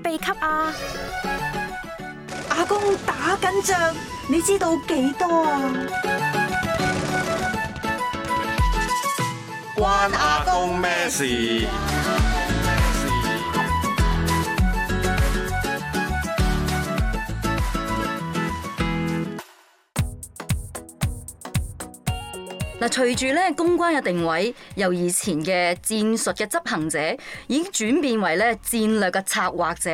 秘笈啊！阿公打緊仗，你知道幾多啊？關阿公咩事？嗱，隨住咧公關嘅定位由以前嘅戰術嘅執行者，已經轉變為咧戰略嘅策劃者。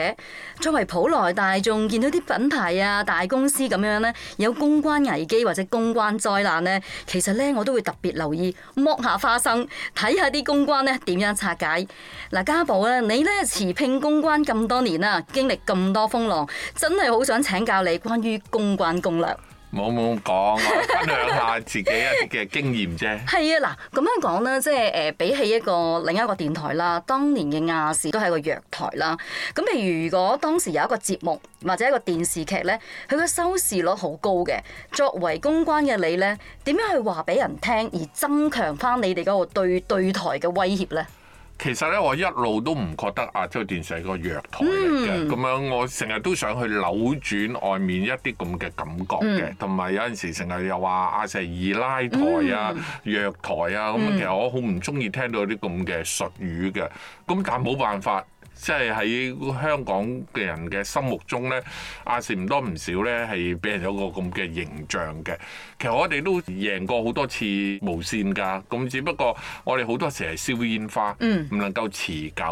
作為普羅大眾見到啲品牌啊、大公司咁樣咧有公關危機或者公關災難咧，其實咧我都會特別留意剝下花生，睇下啲公關咧點樣拆解。嗱，家寶咧，你咧持聘公關咁多年啦，經歷咁多風浪，真係好想請教你關於公關攻略。冇冇講，我分享下自己一啲嘅經驗啫。係啊， 嗱咁樣講啦，即係誒、呃，比起一個另一個電台啦，當年嘅亞視都係個弱台啦。咁譬如如果當時有一個節目或者一個電視劇咧，佢嘅收視率好高嘅，作為公關嘅你咧，點樣去話俾人聽而增強翻你哋嗰個對,對台嘅威脅咧？其實咧，我一路都唔覺得亞洲電視係個弱台嚟嘅，咁、嗯、樣我成日都想去扭轉外面一啲咁嘅感覺嘅，同埋、嗯、有陣時成日又話亞視二拉台啊、弱、嗯、台啊，咁其實我好唔中意聽到啲咁嘅術語嘅，咁但冇辦法。即係喺香港嘅人嘅心目中咧，亞視唔多唔少咧，係俾人有個咁嘅形象嘅。其實我哋都贏過好多次無綫噶，咁只不過我哋好多時係燒煙花，唔、嗯、能夠持久。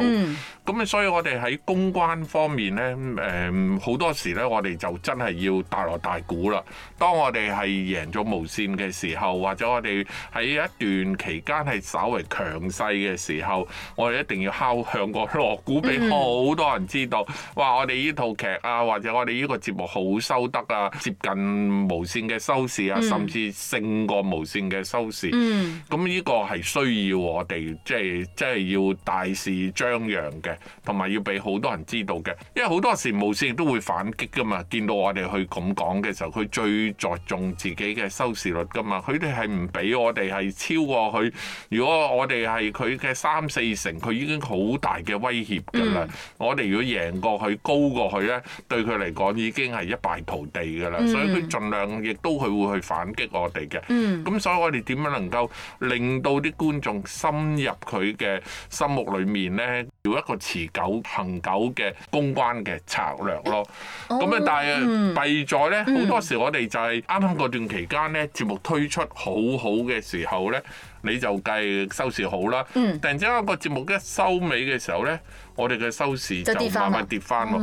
咁、嗯、所以我哋喺公關方面咧，誒、嗯、好多時咧，我哋就真係要大鑼大鼓啦。當我哋係贏咗無綫嘅時候，或者我哋喺一段期間係稍微強勢嘅時候，我哋一定要敲向個鑼鼓。好多人知道，哇！我哋呢套劇啊，或者我哋呢個節目好收得啊，接近無線嘅收視啊，甚至勝過無線嘅收視。咁、嗯、呢個係需要我哋，即係即係要大肆張揚嘅，同埋要俾好多人知道嘅。因為好多時無線都會反擊㗎嘛，見到我哋去咁講嘅時候，佢最着重自己嘅收視率㗎嘛。佢哋係唔俾我哋係超過佢。如果我哋係佢嘅三四成，佢已經好大嘅威脅。嗯、我哋如果贏過佢高過佢咧，對佢嚟講已經係一敗塗地㗎啦。嗯、所以佢盡量亦都佢會去反擊我哋嘅。咁、嗯、所以我哋點樣能夠令到啲觀眾深入佢嘅心目裡面呢？要一個持久恒久嘅公關嘅策略咯。咁啊、欸，oh, 但係弊在呢，好、嗯、多時我哋就係啱啱嗰段期間呢，節目推出好好嘅時候呢，你就計收視好啦。嗯、突然之間個節目一收尾嘅時候呢。我哋嘅收視就慢慢跌翻咯，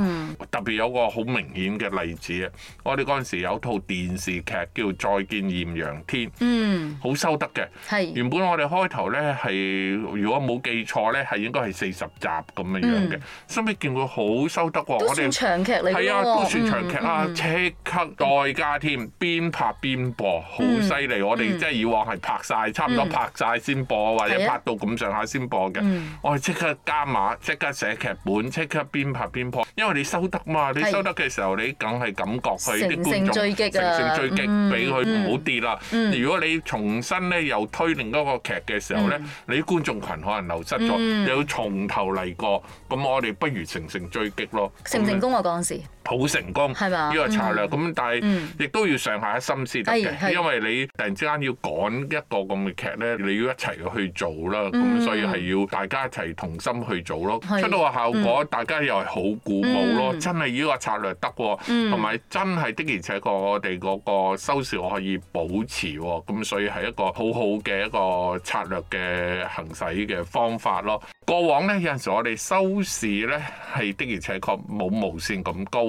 特別有個好明顯嘅例子，我哋嗰陣時有套電視劇叫《再見艷陽天》，嗯，好收得嘅。係原本我哋開頭咧係，如果冇記錯咧係應該係四十集咁樣樣嘅，收尾見佢好收得喎。都算長劇係啊，都算長劇啦，即刻代價添，邊拍邊播，好犀利！我哋即係以往係拍晒，差唔多拍晒先播，或者拍到咁上下先播嘅。我哋即刻加碼，即刻。寫劇本即刻邊拍邊破，因為你收得嘛，你收得嘅時候是你梗係感覺佢啲觀眾乘勝追擊啊，乘勝追擊，俾佢唔好跌啦。嗯、如果你重新咧又推另一個劇嘅時候咧，嗯、你觀眾群可能流失咗，又、嗯、要從頭嚟過。咁我哋不如乘勝追擊咯。成唔成功啊？嗰陣時？好成功呢個策略。咁，但係亦都要上下一心先得嘅，因為你突然之間要趕一個咁嘅劇咧，你要一齊去做啦。咁所以係要大家一齊同心去做咯，出到個效果，大家又係好鼓舞咯。真係呢個策略得喎，同埋真係的而且確我哋嗰個收視我可以保持喎。咁所以係一個好好嘅一個策略嘅行使嘅方法咯。過往咧有陣時我哋收視咧係的而且確冇無綫咁高。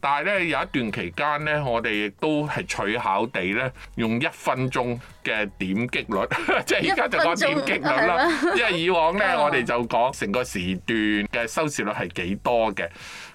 但係咧有一段期間咧，我哋亦都係取巧地咧用一分鐘嘅點擊率，即係而家就講點擊率啦。 因為以往咧 我哋就講成個時段嘅收視率係幾多嘅。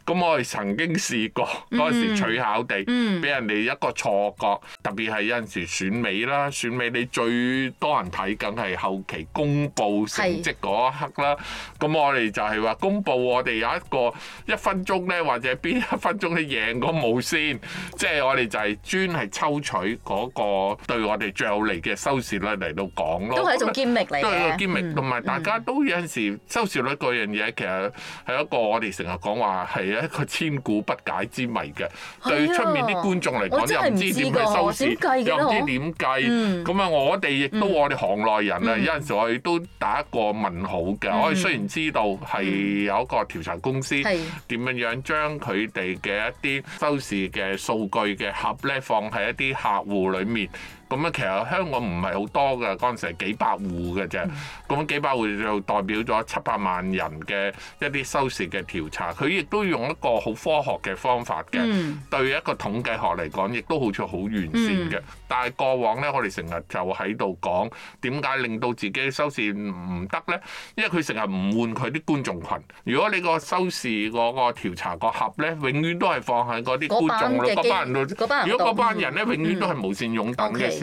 咁我哋曾經試過陣時取巧地，俾、嗯、人哋一個錯覺，嗯、特別係有陣時選美啦，選美你最多人睇，梗係後期公布成績一刻啦。咁是我哋就係話公布我哋有一個一分鐘咧，或者邊一分鐘嘅。贏過冇先，即係我哋就係專係抽取嗰個對我哋最有利嘅收視率嚟到講咯。都係一種揭秘嚟嘅，都係一個揭秘。同埋大家都有陣時收視率嗰樣嘢，其實係一個我哋成日講話係一個千古不解之謎嘅。對出面啲觀眾嚟講又唔知點去收視，又唔知點計。咁啊，我哋亦都我哋行內人啊，有陣時我哋都打一個問號嘅。我哋雖然知道係有一個調查公司點樣樣將佢哋嘅。啲收視嘅數據嘅盒咧，放喺一啲客戶裏面。咁樣，其實香港唔係好多嘅嗰陣時係幾百戶嘅啫。咁、嗯、幾百戶就代表咗七百萬人嘅一啲收視嘅調查。佢亦都用一個好科學嘅方法嘅，嗯、對一個統計學嚟講，亦都好似好完善嘅。嗯、但係過往咧，我哋成日就喺度講點解令到自己收視唔得咧？因為佢成日唔換佢啲觀眾群。如果你個收視個個調查個盒咧，永遠都係放喺嗰啲觀眾咯，班，班人度。人如果嗰班人咧，嗯、永遠都係無線擁躉嘅。Okay.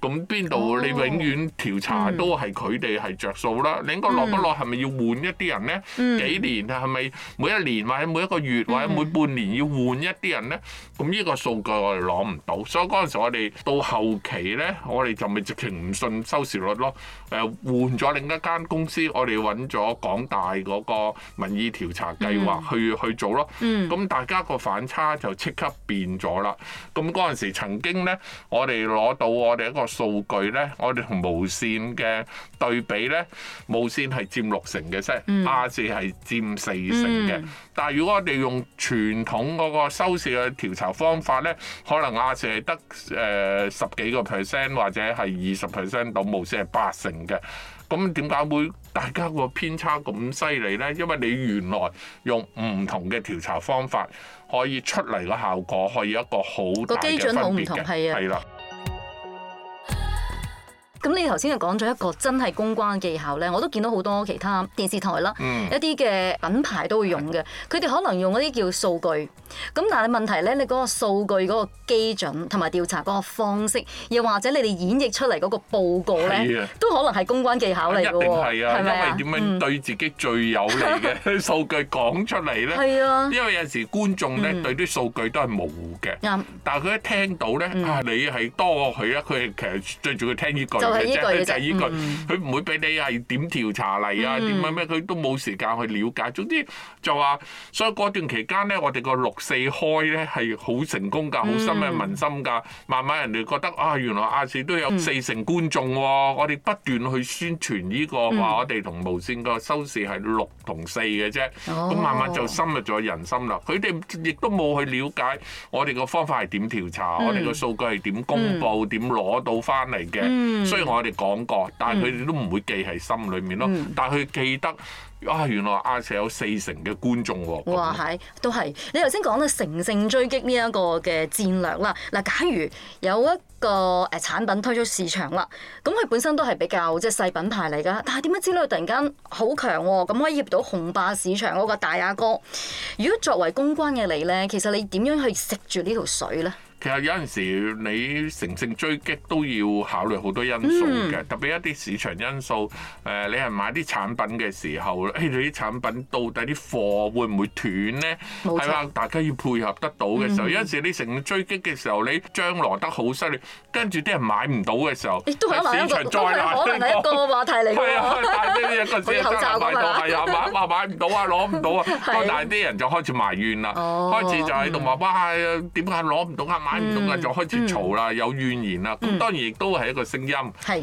咁邊度你永遠調查都係佢哋係着數啦，你應該落不落係咪要換一啲人呢？嗯、幾年啊？係咪每一年或者每一個月或者每半年要換一啲人呢？咁呢個數據我哋攞唔到，所以嗰陣時我哋到後期呢，我哋就咪直情唔信收視率咯。誒，換咗另一間公司，我哋揾咗港大嗰個民意調查計劃去去做咯。咁大家個反差就即刻變咗啦。咁嗰陣時曾經呢，我哋攞到我哋一個。個數據咧，我哋同無線嘅對比咧，無線係佔六成嘅，啫、嗯，係亞視係佔四成嘅。嗯、但係如果我哋用傳統嗰個收視嘅調查方法咧，可能亞視係得誒十幾個 percent 或者係二十 percent 到，無線係八成嘅。咁點解會大家個偏差咁犀利咧？因為你原來用唔同嘅調查方法可以出嚟嘅效果，可以一個好大嘅分別嘅，係啦。咁你頭先就講咗一個真係公關技巧咧，我都見到好多其他電視台啦，一啲嘅品牌都會用嘅。佢哋可能用嗰啲叫數據，咁但係問題咧，你嗰個數據嗰個基準同埋調查嗰個方式，又或者你哋演繹出嚟嗰個報告咧，都可能係公關技巧嚟嘅喎。一定係啊，因為點樣對自己最有利嘅數據講出嚟咧？係啊，因為有時觀眾咧對啲數據都係模糊嘅，但係佢一聽到咧，你係多過佢啊，佢其實追住佢聽呢句。就係呢句，佢唔會俾你係點調查嚟啊？點樣咩？佢都冇時間去了解。總之就話，所以嗰段期間咧，我哋個六四開咧係好成功㗎，好深嘅民心㗎。慢慢人哋覺得啊，原來亞視都有四成觀眾。我哋不斷去宣傳呢個話，我哋同無線個收視係六同四嘅啫。咁慢慢就深入咗人心啦。佢哋亦都冇去了解我哋個方法係點調查，我哋個數據係點公布、點攞到翻嚟嘅。所以。我哋講過，但係佢哋都唔會記喺心裏面咯。嗯、但係佢記得啊，原來阿 s 有四成嘅觀眾喎。哇！係，都係你頭先講啦，乘勝追擊呢一個嘅戰略啦。嗱、啊，假如有一個誒、呃、產品推出市場啦，咁佢本身都係比較即係細品牌嚟噶，但係點解之類突然間好強喎？咁、啊、可以攔到紅霸市場嗰個大阿哥？如果作為公關嘅你咧，其實你點樣去食住呢條水咧？其實有陣時你乘勝追擊都要考慮好多因素嘅，特別一啲市場因素。誒，你係買啲產品嘅時候，誒你啲產品到底啲貨會唔會斷咧？冇錯，係嘛？大家要配合得到嘅時候，有陣時你乘勝追擊嘅時候，你將來得好犀利，跟住啲人買唔到嘅時候，都係市場再難。可能係一個話題嚟嘅。係啊，買呢一個口罩買到係啊，買買買唔到啊，攞唔到啊，但係啲人就開始埋怨啦，開始就喺度話哇，點解攞唔到啊買？員工啊，嗯、就開始嘈啦，嗯、有怨言啦。咁、嗯、當然亦都係一個聲音，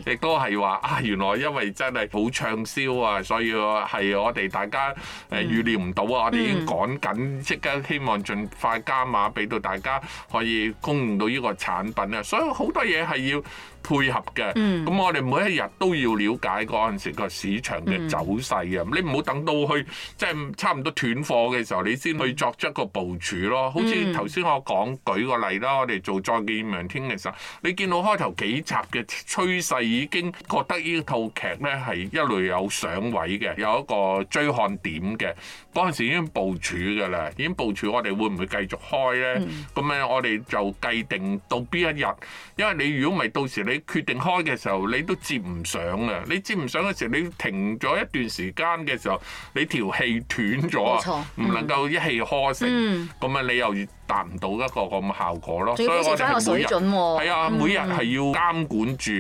亦都係話啊，原來因為真係好暢銷啊，所以係我哋大家誒預料唔到啊，嗯、我哋已經趕緊即刻希望盡快加碼俾到大家可以供應到呢個產品啊。所以好多嘢係要配合嘅。咁、嗯、我哋每一日都要了解嗰陣時個市場嘅走勢啊。嗯、你唔好等到去即係、就是、差唔多斷貨嘅時候，你先去作出個部署咯。好似頭先我講舉個例咯。嗯我哋做再見明天嘅時候，你見到開頭幾集嘅趨勢已經覺得呢套劇咧係一路有上位嘅，有一個追看點嘅，嗰陣時已經部署噶啦，已經部署。我哋會唔會繼續開咧？咁樣、嗯，我哋就計定到邊一日，因為你如果唔係到時你決定開嘅時候，你都接唔上啊！你接唔上嘅時候，你停咗一段時間嘅時候，你條氣斷咗啊，唔、嗯、能夠一氣呵成。咁啊、嗯，你又？達唔到一個咁嘅效果咯，水準咯，所以我哋每日係、嗯、啊，每日係要監管住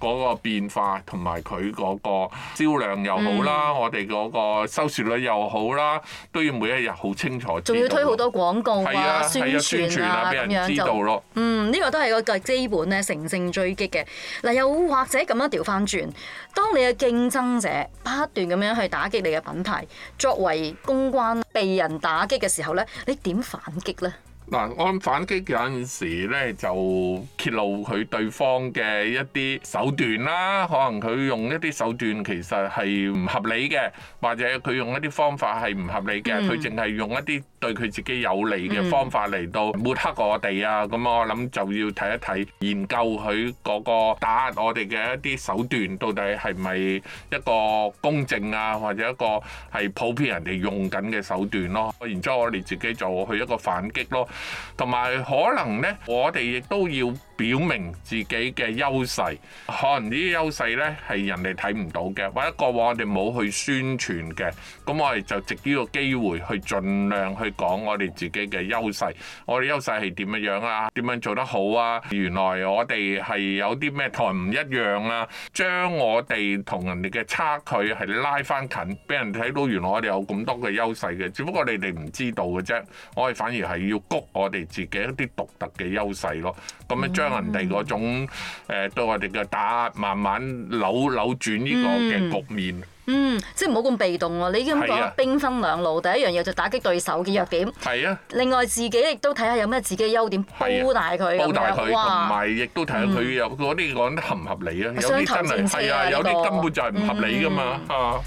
嗰個變化同埋佢嗰個銷量又好啦，嗯、我哋嗰個收視率又好啦，都要每一日好清楚。仲要推好多廣告啊，宣傳啊，俾這樣 人知道咯。嗯，呢個都係個基本咧，乘勝追擊嘅。嗱，又或者咁樣調翻轉，當你嘅競爭者不斷咁樣去打擊你嘅品牌，作為公關被人打擊嘅時候咧，你點反擊咧？嗱，我諗反擊有陣時咧，就揭露佢對方嘅一啲手段啦。可能佢用一啲手段其實係唔合理嘅，或者佢用一啲方法係唔合理嘅，佢淨係用一啲對佢自己有利嘅方法嚟到抹黑我哋啊，咁我諗就要睇一睇研究佢嗰個打壓我哋嘅一啲手段，到底係咪一個公正啊，或者一個係普遍人哋用緊嘅手段咯？然之後我哋自己就去一個反擊咯，同埋可能呢，我哋亦都要。表明自己嘅優勢，可能呢啲優勢咧，係人哋睇唔到嘅，或者過往我哋冇去宣傳嘅，咁我哋就藉呢個機會去盡量去講我哋自己嘅優勢，我哋優勢係點樣樣啊？點樣做得好啊？原來我哋係有啲咩台唔一樣啊？將我哋同人哋嘅差距係拉翻近，俾人睇到原來我哋有咁多嘅優勢嘅，只不過你哋唔知道嘅啫。我哋反而係要谷我哋自己一啲獨特嘅優勢咯，咁樣。將。人哋嗰種誒對我哋嘅打，慢慢扭扭轉呢個嘅局面嗯。嗯，即係唔好咁被動喎、啊。你已經咁講兵分兩路，第一樣嘢就打擊對手嘅弱點。係啊。另外自己亦都睇下有咩自己優點，煲大佢。煲、啊、大佢。同埋樣，亦哇都睇下佢有嗰啲講得合唔合理啊？有啲真係係啊，啊這個、有啲根本就係唔合理噶嘛嚇。嗯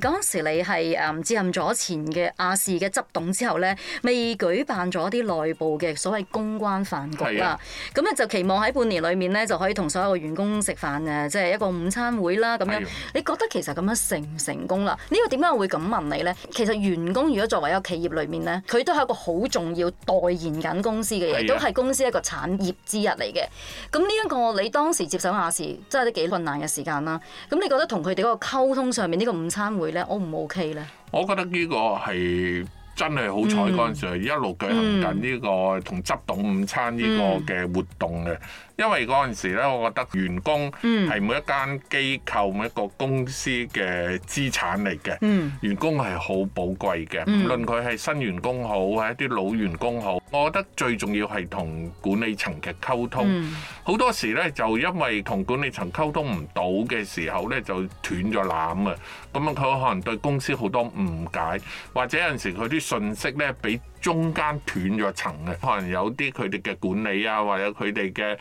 嗰陣時你係誒接任咗前嘅亞視嘅執董之後呢，未舉辦咗啲內部嘅所謂公關飯局啦。咁咧的就期望喺半年裏面呢，就可以同所有員工食飯嘅，即係一個午餐會啦。咁樣，的你覺得其實咁樣成唔成功啦？呢個點解我會咁問你呢？其實員工如果作為一個企業裏面呢，佢都係一個好重要代言緊公司嘅嘢，都係的公司一個產業之一嚟嘅。咁呢一個你當時接手亞視，真係都幾困難嘅時間啦。咁你覺得同佢哋嗰個溝通上面呢個午餐會？咧，我唔 OK 咧。我覺得呢個係真係好彩嗰陣時，一路舉行緊呢個同執董午餐呢個嘅活動嘅。因為嗰陣時咧，我覺得員工係每一間機構每一個公司嘅資產嚟嘅，員工係好寶貴嘅。唔論佢係新員工好，係一啲老員工好，我覺得最重要係同管理層嘅溝通。好多時咧，就因為同管理層溝通唔到嘅時候咧，就斷咗纜啊。咁樣，佢可能對公司好多誤解，或者有陣時佢啲信息咧俾。中間斷咗層嘅，可能有啲佢哋嘅管理啊，或者佢哋嘅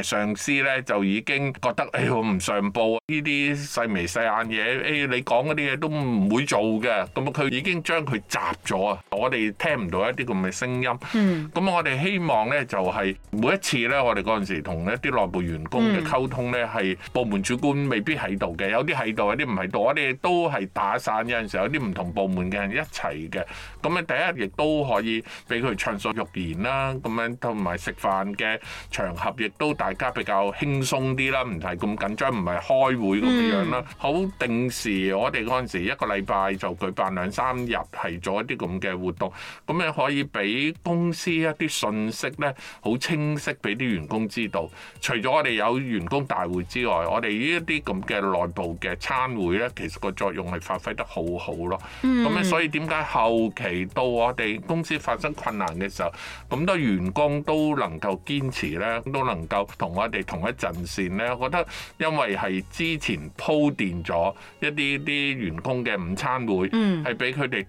誒上司咧，就已經覺得誒、哎、我唔上報呢啲細眉細眼嘢，誒、哎、你講嗰啲嘢都唔會做嘅，咁佢已經將佢閘咗啊！我哋聽唔到一啲咁嘅聲音。咁、嗯、我哋希望咧就係、是、每一次咧，我哋嗰陣時同一啲內部員工嘅溝通咧，係部門主管未必喺度嘅，有啲喺度，有啲唔喺度，我哋都係打散，有陣時候有啲唔同部門嘅人一齊嘅，咁啊第一亦都，可以俾佢暢所欲言啦，咁樣同埋食飯嘅場合亦都大家比較輕鬆啲啦，唔係咁緊張，唔係開會咁樣樣啦。好、嗯、定時我哋嗰陣時一個禮拜就舉辦兩三日，係做一啲咁嘅活動，咁樣可以俾公司一啲信息，咧好清晰俾啲員工知道。除咗我哋有員工大會之外，我哋呢一啲咁嘅內部嘅餐會咧，其實個作用係發揮得好好咯。咁樣、嗯、所以點解後期到我哋公司先發生困難嘅時候，咁多員工都能夠堅持咧，都能夠同我哋同一陣線咧。我覺得，因為係之前鋪墊咗一啲啲員工嘅午餐會，係俾佢哋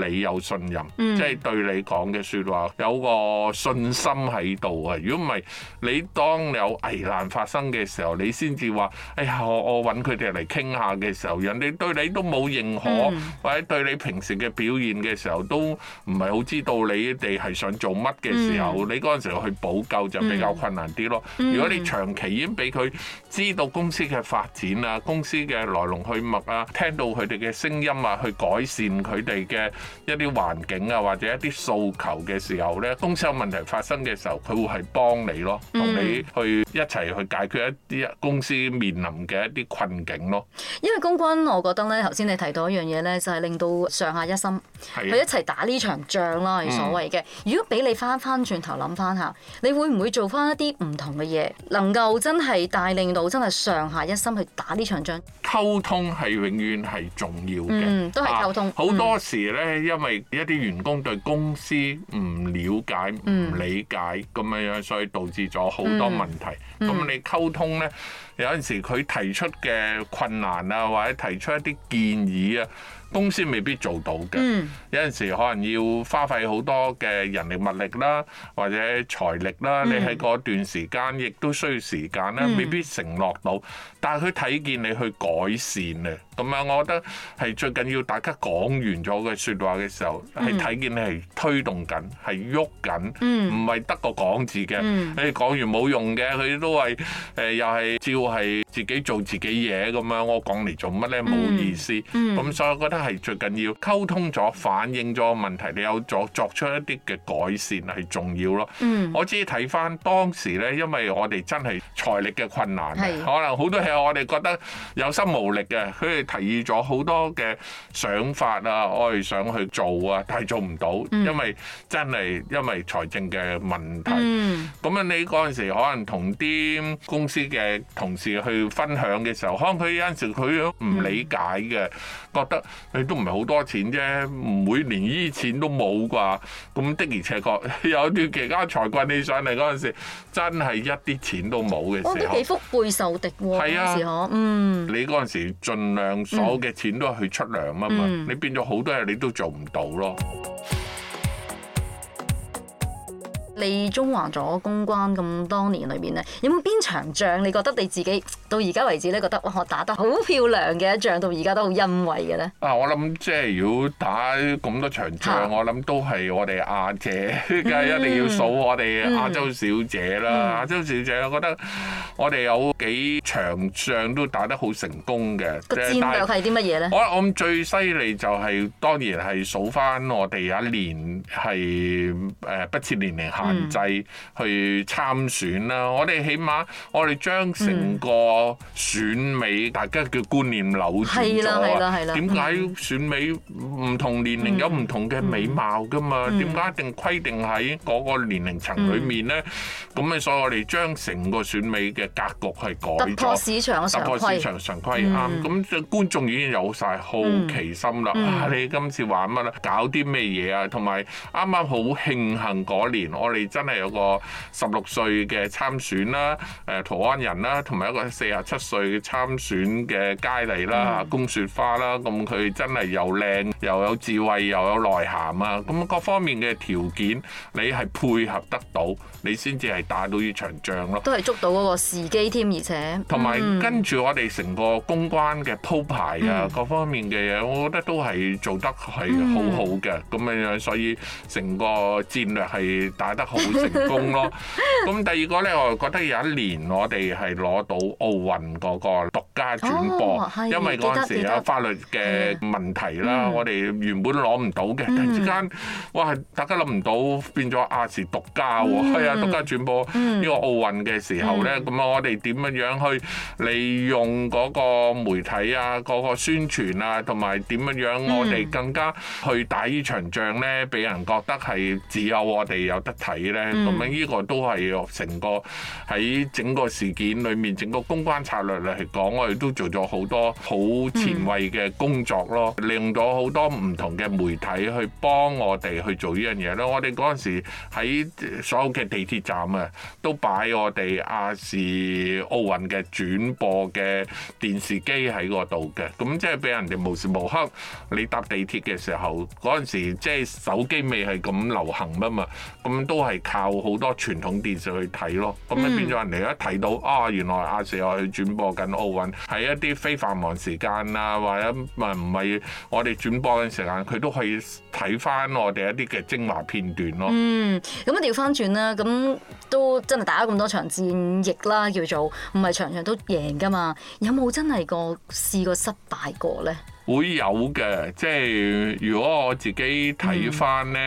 對你有信任，即係、嗯、對你講嘅說話有個信心喺度啊。如果唔係，你當有危難發生嘅時候，你先至話，哎呀，我我揾佢哋嚟傾下嘅時候，人哋對你都冇認可，嗯、或者對你平時嘅表現嘅時候都唔係好。知道你哋係想做乜嘅時候，嗯、你 𠮶 陣時候去補救就比較困難啲咯。嗯嗯、如果你長期已經俾佢知道公司嘅發展啊、公司嘅來龍去脈啊，聽到佢哋嘅聲音啊，去改善佢哋嘅一啲環境啊，或者一啲訴求嘅時候咧，公司有問題發生嘅時候，佢會係幫你咯，同你去一齊去解決一啲公司面臨嘅一啲困境咯。因為公關，我覺得咧，頭先你提到一樣嘢咧，就係令到上下一心去一齊打呢場仗。所謂嘅。如果俾你翻翻轉頭諗翻下，你會唔會做翻一啲唔同嘅嘢，能夠真係帶領到真係上下一心去打呢場仗？溝通係永遠係重要嘅、嗯，都係溝通。好、啊嗯、多時呢，因為一啲員工對公司唔了解、唔理解咁、嗯、樣，所以導致咗好多問題。咁、嗯嗯、你溝通呢，有陣時佢提出嘅困難啊，或者提出一啲建議啊。公司未必做到嘅，嗯、有陣時可能要花費好多嘅人力物力啦，或者財力啦。你喺嗰段時間、嗯、亦都需要時間啦，未必承諾到。但係佢睇見你去改善咧。咁樣，我覺得係最緊要大家講完咗嘅説話嘅時候，係睇見你係推動緊，係喐緊，唔係得個講字嘅。你、嗯欸、講完冇用嘅，佢都係誒、呃、又係照係自己做自己嘢咁樣。我講嚟做乜咧？冇意思。咁、嗯嗯、所以我覺得係最緊要溝通咗，反映咗問題，你有作作出一啲嘅改善係重要咯。嗯、我只係睇翻當時咧，因為我哋真係財力嘅困難，的可能好多時候我哋覺得有心無力嘅，佢哋。提咗好多嘅想法啊，我哋想去做啊，但係做唔到、嗯因，因為真係因為財政嘅問題。咁樣、嗯、你嗰陣時可能同啲公司嘅同事去分享嘅時候，可能佢有陣時佢唔理解嘅，嗯、覺得你、欸、都唔係好多錢啫，唔會連依錢都冇啩。咁的而且確有啲其他財棍你上嚟嗰陣時，真係一啲錢都冇嘅時候，都有候、嗯、幾腹背受敵喎。係啊，啊嗯。你嗰陣時盡量。嗯、所有嘅錢都係去出糧啊嘛，嗯、你變咗好多嘢，你都做唔到咯。你中環咗公關咁多年裏面咧，有冇邊場仗你覺得你自己到而家為止咧覺得哇我打得好漂亮嘅一仗，到而家都好欣慰嘅咧？啊，我諗即係如果打咁多場仗，啊、我諗都係我哋亞姐，梗係、嗯、一定要數我哋亞洲小姐啦。嗯嗯、亞洲小姐，我覺得我哋有幾場仗都打得好成功嘅。個戰略係啲乜嘢咧？我我諗最犀利就係、是、當然係數翻我哋一年係誒、呃、不切年，年齡限制、嗯、去參選啦、啊！我哋起碼我哋將成個選美大家嘅觀念扭轉係啦，啦，係啦，點解選美唔同年齡有唔同嘅美貌噶嘛、啊？點解、嗯、一定規定喺嗰個年齡層裏面咧？咁啊、嗯，所以我哋將成個選美嘅格局係改咗，突破市場，突破市場常規啱。咁、嗯、觀眾已經有晒好奇心啦！嗯嗯、啊，你今次玩乜啦？搞啲咩嘢啊？同埋啱啱好慶幸嗰年我哋。真係有個十六歲嘅參選，啊呃啊、選啦，誒台灣人啦，同埋一個四十七歲參選嘅佳麗啦，龔雪花啦，啊，咁佢真係又靚又有智慧，又有內涵啊，咁、嗯、各方面嘅條件，你係配合得到，你先至係打到呢場仗咯。都係捉到嗰個時機添，而且同埋、嗯、跟住我哋成個公關嘅鋪排啊，嗯、各方面嘅嘢，我覺得都係做得係好好嘅咁樣樣，所以成個戰略係打得。好成功咯！咁 第二個咧，我覺得有一年我哋係攞到奧運嗰個獨家轉播，哦、因為嗰陣時有法律嘅問題啦，我哋原本攞唔到嘅，突然、嗯、之間哇！大家諗唔到，變咗亞視獨家喎，係、嗯、啊，獨家轉播呢、嗯、個奧運嘅時候咧，咁啊、嗯，我哋點樣樣去利用嗰個媒體啊、嗰個宣傳啊，同埋點樣樣我哋更加去打呢場仗咧，俾人覺得係只有我哋有得睇。咧，咁、嗯、樣依個都係成個喺整個事件裏面，整個公關策略嚟講，我哋都做咗好多好前衛嘅工作咯，令到好多唔同嘅媒體去幫我哋去做呢樣嘢咯。我哋嗰陣時喺所有嘅地鐵站啊，都擺我哋亞視奧運嘅轉播嘅電視機喺嗰度嘅，咁即係俾人哋無時無刻你搭地鐵嘅時候，嗰陣時即係手機未係咁流行啊嘛，咁都。都係靠好多傳統電視去睇咯，咁咪變咗人哋一睇到啊，原來亞視又去轉播緊奧運，喺一啲非繁忙時間啊，或者咪唔係我哋轉播嘅時間，佢都可以睇翻我哋一啲嘅精華片段咯。嗯，咁調翻轉啦，咁都真係打咗咁多場戰役啦，叫做唔係場場都贏㗎嘛？有冇真係個試過失敗過咧？會有嘅，即係如果我自己睇翻呢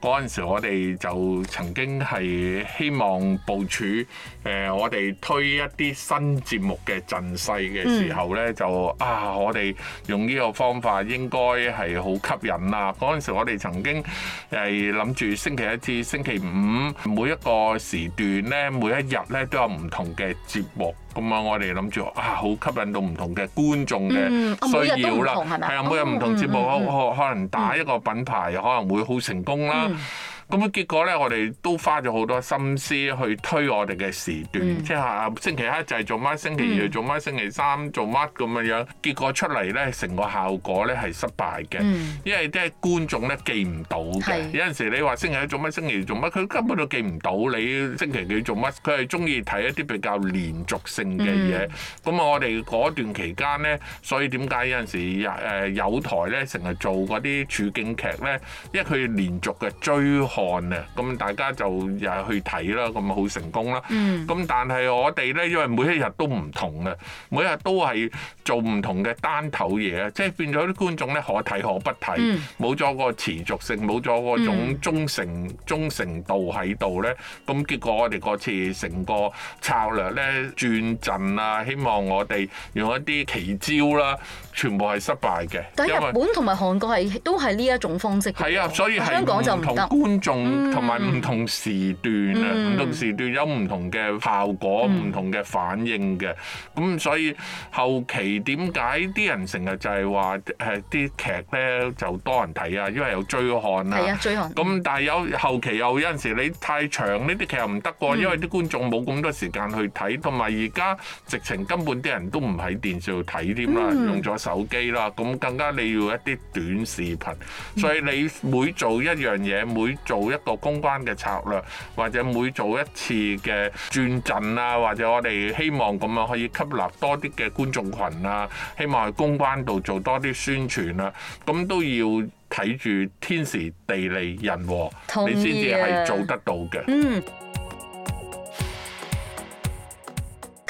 嗰陣、嗯、時我哋就曾經係希望部署誒、呃，我哋推一啲新節目嘅陣勢嘅時候呢，嗯、就啊，我哋用呢個方法應該係好吸引啦，啊。嗰陣時我哋曾經係諗住星期一至星期五每一個時段呢，每一日呢都有唔同嘅節目。咁啊，我哋諗住啊，好吸引到唔同嘅觀眾嘅需要啦。係啊，每日唔同，要吧同節目可、哦、可能打一個品牌，嗯、可能會好成功啦。嗯嗯咁啊結果咧，我哋都花咗好多心思去推我哋嘅時段，嗯、即係啊星期一就係做乜，星期二做乜，星期三做乜咁樣樣。結果出嚟咧，成個效果咧係失敗嘅，因為即係觀眾咧記唔到嘅。有陣時你話星期一做乜，星期二做乜，佢根本都記唔到你星期幾做乜。佢係中意睇一啲比較連續性嘅嘢。咁啊、嗯，我哋嗰段期間咧，所以點解有陣時誒有台咧成日做嗰啲處境劇咧，因為佢連續嘅追。案啊，咁大家就又去睇啦，咁好成功啦。咁但係我哋咧，因為每一日都唔同嘅，每一日都係做唔同嘅單頭嘢，即係變咗啲觀眾咧，可睇可不睇，冇咗個持續性，冇咗嗰種忠誠忠誠度喺度咧。咁結果我哋嗰次成個策略咧轉陣啊，希望我哋用一啲奇招啦。全部係失敗嘅。但係日本同埋韓國係為都係呢一種方式方。係啊，所以香港就唔同觀眾同埋唔同時段啊，唔、嗯嗯、同時段有唔同嘅效果，唔、嗯、同嘅反應嘅。咁所以後期點解啲人成日就係話誒啲劇咧就多人睇啊？因為有追看啊，係啊，追看。咁但係有後期又有陣時你太長呢啲劇又唔得㗎，嗯、因為啲觀眾冇咁多時間去睇，同埋而家直情根本啲人都唔喺電視度睇添啦，用咗 了。手機啦，咁更加你要一啲短視頻，所以你每做一樣嘢，嗯、每做一個公關嘅策略，或者每做一次嘅轉陣啊，或者我哋希望咁樣可以吸納多啲嘅觀眾群啊，希望喺公關度做多啲宣傳啊，咁都要睇住天時地利人和，同意。你先至係做得到嘅。嗯。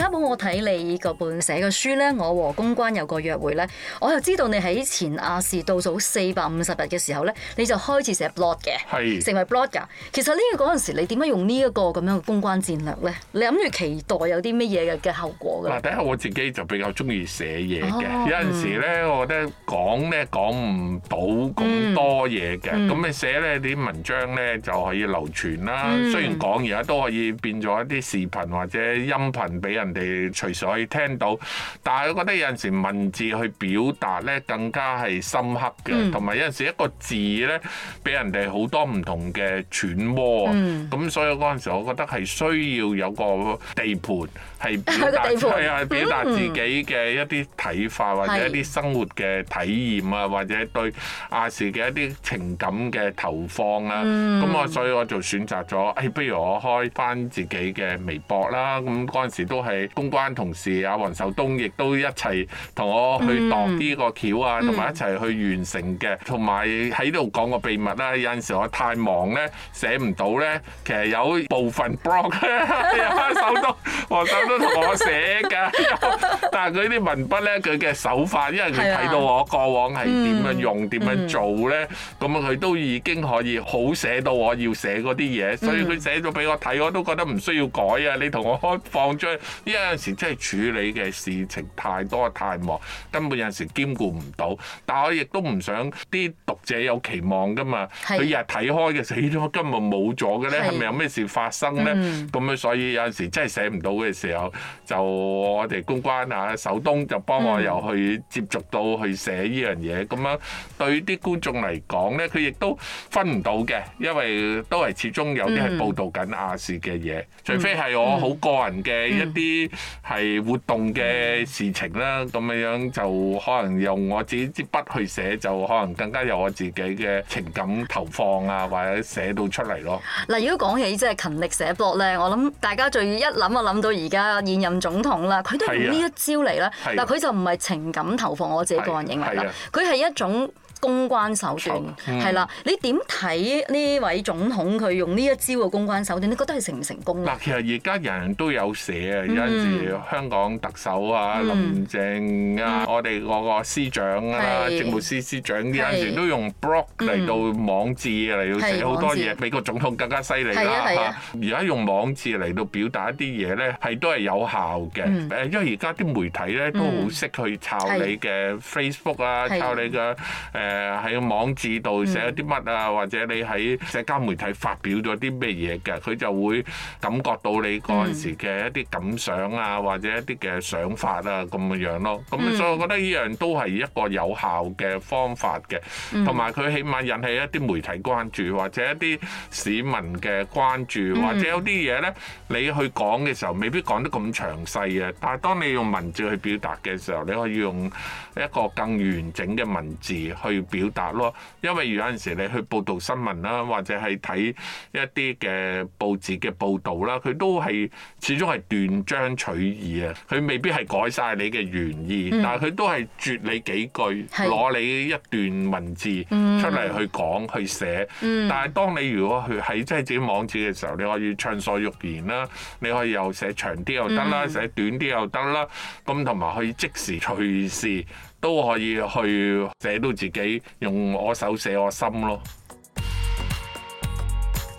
家寶，我睇你嗰半寫嘅書咧，我和公關有個約會咧，我又知道你喺前亞視倒數四百五十日嘅時候咧，你就開始寫 blog 嘅，是成為 blogger 噶。其實呢嗰陣時，你點解用呢一個咁樣嘅公關戰略咧？你諗住期待有啲乜嘢嘅嘅後果㗎？嗱，第一我自己就比較中意寫嘢嘅，哦嗯、有陣時咧，我覺得講咧講唔到咁多嘢嘅，咁、嗯嗯、你寫咧啲文章咧就可以流傳啦。嗯、雖然講而家都可以變咗一啲視頻或者音頻俾人。哋隨時可以聽到，但係我覺得有陣時文字去表達咧更加係深刻嘅，同埋、嗯、有陣時一個字咧俾人哋好多唔同嘅揣摩。咁、嗯、所以嗰陣時，我覺得係需要有個地盤。係表達，係啊表達自己嘅一啲睇法，或者一啲生活嘅體驗啊，或者對亞視嘅一啲情感嘅投放啦、啊。咁我、嗯、所以我就選擇咗，誒、哎、不如我開翻自己嘅微博啦。咁嗰陣時都係公關同事阿黃守東亦都一齊同我去度呢個橋啊，同埋、嗯嗯、一齊去完成嘅，同埋喺度講個秘密啦、啊。有陣時我太忙咧，寫唔到咧，其實有部分 blog 咧、啊，守東黃守東， 同我寫㗎， 但係佢啲文筆咧，佢嘅手法，因為佢睇到我過往係點樣用、點、啊嗯、樣做咧，咁樣佢都已經可以好寫到我要寫嗰啲嘢，嗯、所以佢寫咗俾我睇，我都覺得唔需要改啊。你同我開放出去，因為有陣時真係處理嘅事情太多太忙，根本有陣時兼顧唔到。但係我亦都唔想啲讀者有期望㗎嘛，佢是日日睇開嘅，死咗根本冇咗嘅咧，係咪有咩是事發生咧？咁樣、嗯、所以有陣時真係寫唔到嘅時候。就我哋公關，關啊，首東就幫我又去接觸到去寫呢樣嘢，咁、嗯、樣對啲觀眾嚟講咧，佢亦都分唔到嘅，因為都係始終有啲係報道緊亞視嘅嘢，嗯、除非係我好個人嘅一啲係活動嘅事情啦，咁樣、嗯嗯、樣就可能用我自己支筆去寫，就可能更加有我自己嘅情感投放啊，或者寫到出嚟咯。嗱，如果講起即係勤力寫博咧，我諗大家最要一諗啊諗到而家，啊！現任總統啦，佢都用呢一招嚟啦。啊、但佢就唔係情感投放我自己個人認為啦，佢係、啊啊、一種。公關手段係啦，你點睇呢位總統佢用呢一招嘅公關手段？你覺得係成唔成功？嗱，其實而家人人都有寫啊，有陣時香港特首啊、林鄭啊、我哋個個司長啊、政務司司長，有陣時都用 blog 嚟到網誌嚟到，寫好多嘢。美國總統更加犀利啦，吓而家用網誌嚟到表達一啲嘢咧，係都係有效嘅。誒，因為而家啲媒體咧都好識去抄你嘅 Facebook 啊，抄你嘅誒。誒喺網址度寫咗啲乜啊，嗯、或者你喺社交媒體發表咗啲咩嘢嘅，佢就會感覺到你嗰陣時嘅一啲感想啊，嗯、或者一啲嘅想法啊咁嘅樣咯。咁所以我覺得依樣都係一個有效嘅方法嘅，同埋佢起碼引起一啲媒體關注或者一啲市民嘅關注，或者,、嗯、或者有啲嘢咧你去講嘅時候未必講得咁詳細啊，但係當你用文字去表達嘅時候，你可以用一個更完整嘅文字去。表達咯，因為有陣時你去報道新聞啦、啊，或者係睇一啲嘅報紙嘅報導啦、啊，佢都係始終係斷章取義啊，佢未必係改晒你嘅原意，嗯、但係佢都係截你幾句，攞是你一段文字出嚟去講、嗯、去寫。嗯、但係當你如果去喺即係自己網址嘅時候，你可以暢所欲言啦、啊，你可以又寫長啲又得啦，嗯、寫短啲又得啦，咁同埋可以即時隨時。都可以去寫到自己，用我手寫我心咯。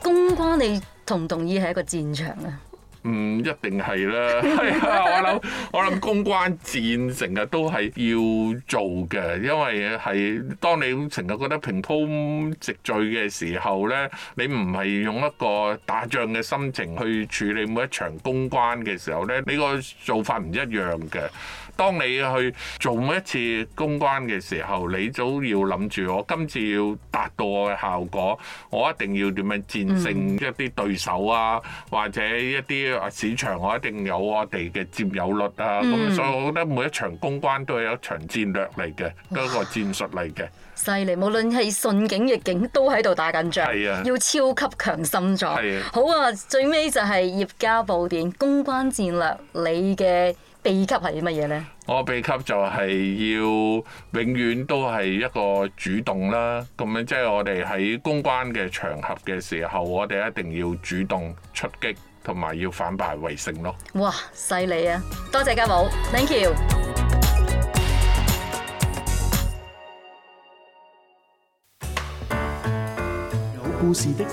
公關你同唔同意係一個戰場啊？唔、嗯、一定係啦，係啊、 哎！我諗我諗公關戰成日都係要做嘅，因為係當你成日覺得平鋪直敍嘅時候呢，你唔係用一個打仗嘅心情去處理每一場公關嘅時候呢，你個做法唔一樣嘅。當你去做每一次公關嘅時候，你都要諗住我今次要達到我嘅效果，我一定要點樣戰勝一啲對手啊，嗯、或者一啲市場我一定有我哋嘅佔有率啊。咁、嗯、所以我覺得每一場公關都係一場戰略嚟嘅，哇 都係一個戰術嚟嘅。犀利，無論係順境逆境都喺度打緊仗，是啊、要超級強心臟。是啊好啊，最尾就係葉家寶電公關戰略，你嘅。秘笈係乜嘢咧？我嘅秘笈就係要永遠都係一個主動啦，咁樣即係我哋喺公關嘅場合嘅時候，我哋一定要主動出擊，同埋要反敗為勝咯。哇，犀利啊！多謝家寶，thank you。有故事的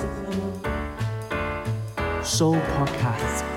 show podcast。